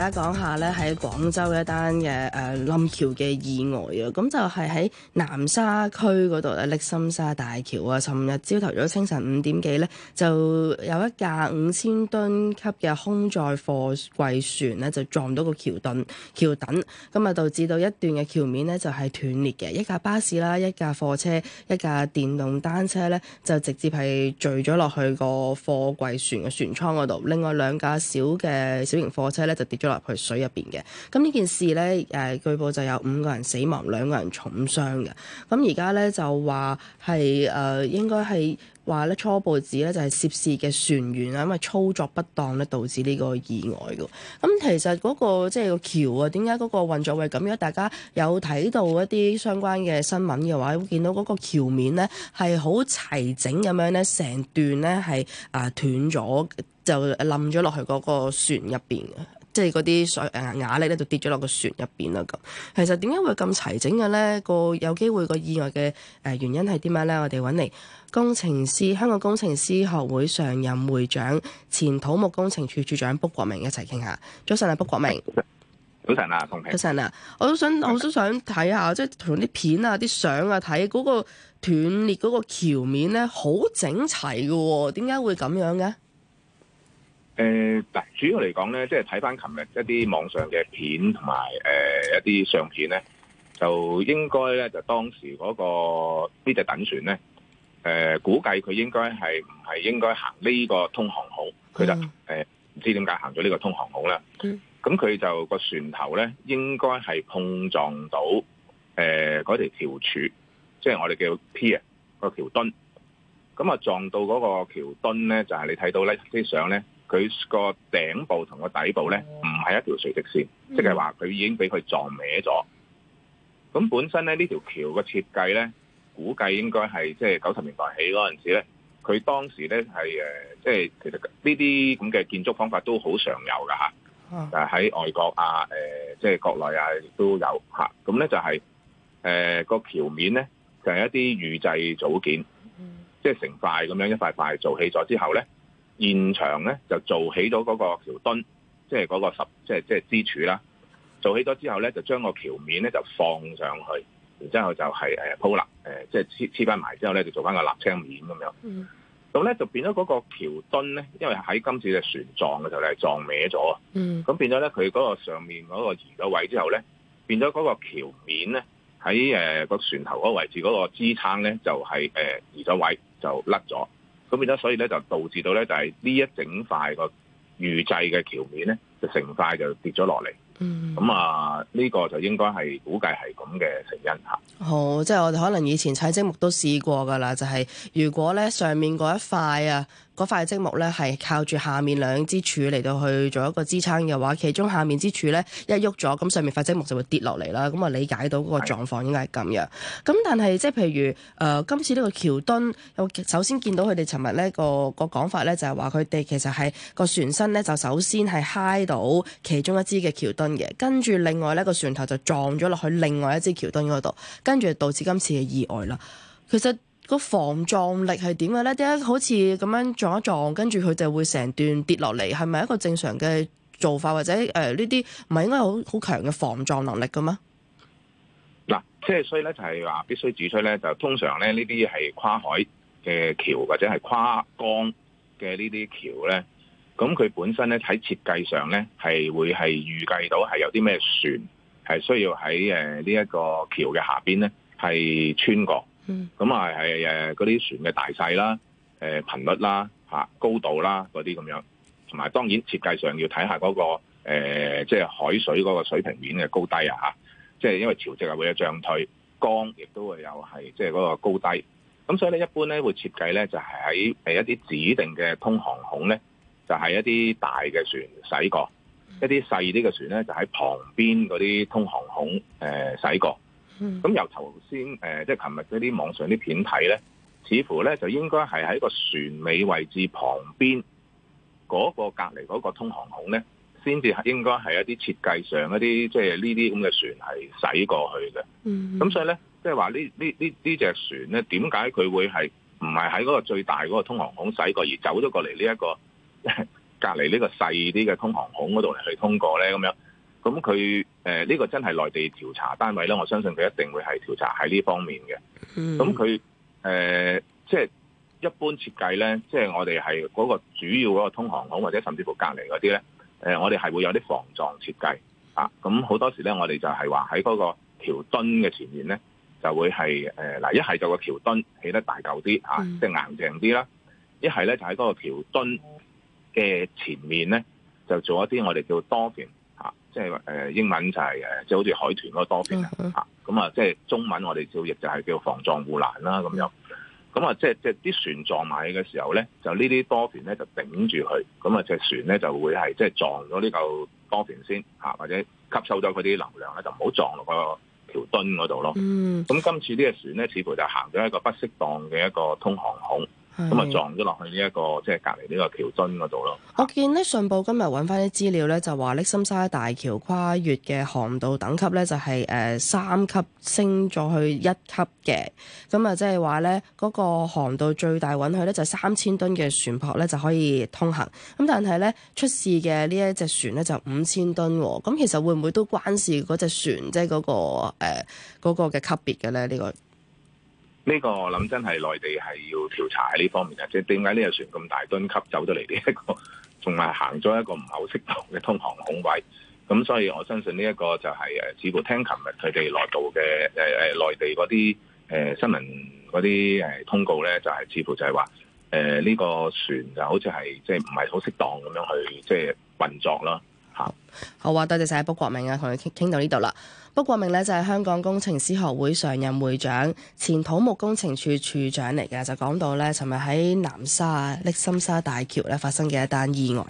大家講下咧，喺廣州一單嘅誒冧橋嘅意外啊，咁就係、是、喺南沙區嗰度咧，瀝心沙大橋啊，尋日朝頭早清晨五點幾咧，就有一架五千噸級嘅空載貨櫃船咧，就撞到個橋墩、橋墩，咁啊導致到一段嘅橋面咧，就係斷裂嘅，一架巴士啦，一架貨車，一架電動單車咧，就直接係墜咗落去個貨櫃船嘅船艙嗰度，另外兩架小嘅小型貨車咧，就跌咗。落去水入邊嘅。咁呢件事咧，誒，據報就有五個人死亡，兩個人重傷嘅。咁而家咧就話係誒，應該係話咧，初步指咧就係涉事嘅船員啊，因為操作不當咧導致呢個意外嘅。咁其實嗰個即係個橋啊，點解嗰個運作會咁樣？大家有睇到一啲相關嘅新聞嘅話，會見到嗰個橋面咧係好齊整咁樣咧，成段咧係啊斷咗就冧咗落去嗰個船入邊嘅。即係嗰啲水誒，瓦礫咧，就跌咗落個船入邊啦。咁其實點解會咁齊整嘅咧？個有機會個意外嘅誒原因係點樣咧？我哋揾嚟工程師，香港工程師學會上任會長、前土木工程處處長卜國明一齊傾下。早晨啊，卜國明。早晨啊，早晨啊，啊，我都想，我都想睇下，即係同啲片啊、啲相啊，睇嗰個斷裂嗰個橋面咧，好整齊噶、哦，點解會咁樣嘅？誒，嗱、呃，主要嚟講咧，即係睇翻琴日一啲網上嘅片同埋誒一啲相片咧，就應該咧就當時嗰、那個呢隻躉船咧，誒、呃，估計佢應該係唔係應該行呢個通航孔，佢就誒唔、呃、知點解行咗呢個通航孔啦。咁佢就個船頭咧，應該係碰撞到誒嗰條橋柱，即、就、係、是、我哋叫 pier 啊個橋墩。咁啊撞到嗰個橋墩咧，就係、是、你睇到呢啲相咧。佢個頂部同個底部咧，唔係一條垂直線，即係話佢已經俾佢撞歪咗。咁本身咧，呢條橋嘅設計咧，估計應該係即係九十年代起嗰陣時咧，佢當時咧係誒，即係、就是、其實呢啲咁嘅建築方法都好常有噶嚇，誒喺、啊、外國啊，誒即係國內啊，亦都有嚇。咁咧就係誒個橋面咧，就係、是、一啲預製組件，即係、嗯嗯、成塊咁樣一塊塊做起咗之後咧。現場咧就做起咗嗰個橋墩，即係嗰個十，即係即係支柱啦。做起咗之後咧，就將個橋面咧就放上去，然之後就係誒鋪立誒，即係黐黐翻埋之後咧，就做翻個瀝青面咁樣。嗯，咁咧就變咗嗰個橋墩咧，因為喺今次嘅船撞嘅時候咧撞歪咗啊。嗯，咁變咗咧，佢嗰個上面嗰個移咗位之後咧，變咗嗰個橋面咧喺誒個船頭嗰個位置嗰個支撐咧就係誒移咗位就甩咗。咁而家所以咧就導致到咧就係呢一整塊個預製嘅橋面咧，就成塊就跌咗落嚟。咁、嗯、啊，呢、呢個就應該係估計係咁嘅成因嚇。好、哦，即係我哋可能以前砌積木都試過㗎啦，就係、係、如果咧上面嗰一塊啊。嗰塊嘅積木咧，係靠住下面兩支柱嚟到去做一個支撐嘅話，其中下面支柱咧一喐咗，咁上面塊積木就會跌落嚟啦。咁啊，我理解到嗰個狀況應該係咁樣。咁但係即係譬如誒、呃，今次呢個橋墩，我首先見到佢哋尋日呢、嗰個、嗰個講法咧，就係話佢哋其實係、嗰個船身咧，就首先係嗨到其中一支嘅橋墩嘅，跟住另外咧、嗰個船頭就撞咗落去另外一支橋墩嗰度，跟住導致今次嘅意外啦。其實個防撞力係點嘅咧？點解好似咁樣撞一撞，跟住佢就會成段跌落嚟？係咪一個正常嘅做法，或者誒呢啲唔係應該有好強嘅防撞能力嘅咩？嗱，即係所以咧，就係話必須指出咧，就通常咧呢啲係跨海嘅橋或者係跨江嘅呢啲橋咧，咁佢本身咧喺設計上咧係會係預計到係有啲咩船係需要喺誒呢一個橋嘅下邊咧係穿過。咁啊，係誒嗰啲船嘅大細啦，誒頻率啦，吓高度啦，嗰啲咁樣，同埋當然設計上要睇下嗰、那個誒，即、呃、係、就是、海水嗰個水平面嘅高低啊吓，即、就、係、是、因為潮汐係會有漲退，江亦都會有係即係嗰個高低，咁所以咧一般咧會設計咧就係喺誒一啲指定嘅通航孔咧，就係、是、一啲大嘅船駛過，嗯、一啲細啲嘅船咧就喺旁邊嗰啲通航孔誒駛過。咁、嗯、由頭先即係琴日嗰啲網上啲片睇咧，似乎咧就應該係喺個船尾位置旁邊嗰個隔籬嗰個通航孔咧，先至應該係一啲設計上一啲即係呢啲咁嘅船係駛過去嘅。咁、嗯、所以咧，即係話呢呢呢呢隻船咧，點解佢會係唔係喺嗰個最大嗰個通航孔駛過，而走咗過嚟呢一個隔籬呢個細啲嘅通航孔嗰度嚟去通過咧？咁樣？咁佢誒呢個真係內地調查單位咧，我相信佢一定會係調查喺呢方面嘅。咁佢誒即係一般設計咧，即、就、係、是、我哋係嗰個主要嗰個通航孔或者甚至乎隔離嗰啲咧，誒、呃、我哋係會有啲防撞設計啊。咁好多時咧，我哋就係話喺嗰個橋墩嘅前面咧，就會係誒嗱一係就個橋墩起得大嚿啲啊，即係、嗯、硬淨啲啦；一係咧就喺嗰個橋墩嘅前面咧，就做一啲我哋叫多件。即係誒英文就係誒，即係好似海豚嗰個多片吓咁啊，即係、uh huh。中文我哋照譯就係叫防撞護欄啦，咁樣、uh，咁啊即係即係啲船撞埋去嘅時候咧，就呢啲多片咧就頂住佢，咁啊隻船咧就會係即係撞咗呢嚿多片先，吓或者吸收咗佢啲能量咧就唔好撞落個橋墩嗰度咯。嗯、uh，咁、huh。今次呢隻船咧似乎就行咗一個不適當嘅一個通航孔。咁啊是撞咗落去呢、這、一個即係、就是、隔離呢個橋墩嗰度咯。我見呢信報今日揾翻啲資料咧，就話瀝心沙大橋跨越嘅航道等級咧就係、是、三、呃、級升咗去一級嘅。咁啊即係話咧嗰個航道最大允許咧就三千噸嘅船舶咧就可以通行。咁但係咧出事嘅呢一隻船咧就五千噸喎。咁其實會唔會都關事嗰隻船即係嗰個嗰、呃那個嘅級別嘅咧呢、這個呢個我諗真係內地係要調查喺呢方面嘅。即係點解呢個船咁大噸級走咗嚟呢一個，仲係行咗一個唔好適當嘅通航孔位，咁所以我相信呢一個就係、是、誒，似乎聽琴日佢哋內地嘅誒誒內地嗰啲誒新聞嗰啲誒通告咧，就係、是、似乎就係話誒呢個船就好似係即係唔係好適當咁樣去即係、就是、運作咯。好啊，多謝晒卜國明啊，同佢傾傾到呢度啦。卜國明呢，就係香港工程師學會上任會長、前土木工程處處長嚟嘅，就講到呢，尋日喺南沙瀝心沙大橋呢，發生嘅一單意外。